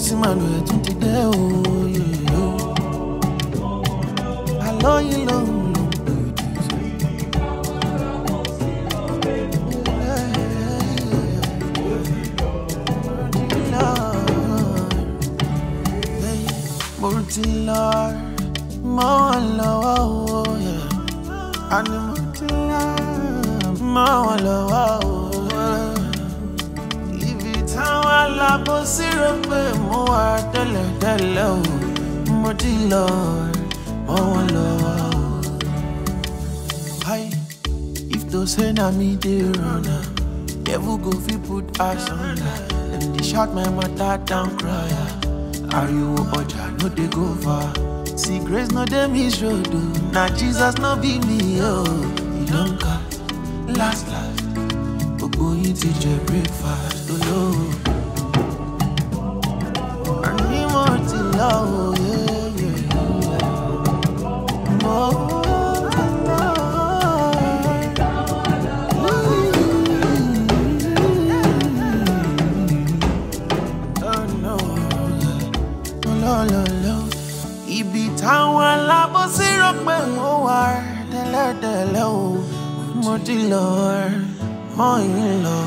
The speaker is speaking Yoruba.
ìsìn màlúù ẹ̀ tún ti dé òòyè o. àlọ́ yìí ló ń lò pẹ̀lú. mo ti lọ mọ́ wọn lọ́wọ́ o. àní mo ti lọ mọ́ wọn lọ́wọ́ o. bó sì mo wà tẹ́lẹ̀tẹ́lẹ̀ o mo ti lọ mọ wọn lọ. Hi, if those say na dey run am, devil go fit put eyes on am. Dem dey shout my matter down cry Are you ọjà no dey go far. See grace no dey miss road o, na Jesus no be me Oh, o. E don cut last last, gbogbo yín ti jẹ breakfast oh no. lọ́lọ́lọ́ ibi táwọn alábòsí rò pé mo wà tẹ́lẹ̀tẹ́lẹ̀ o mo ti lọ mọ́ yín lọ.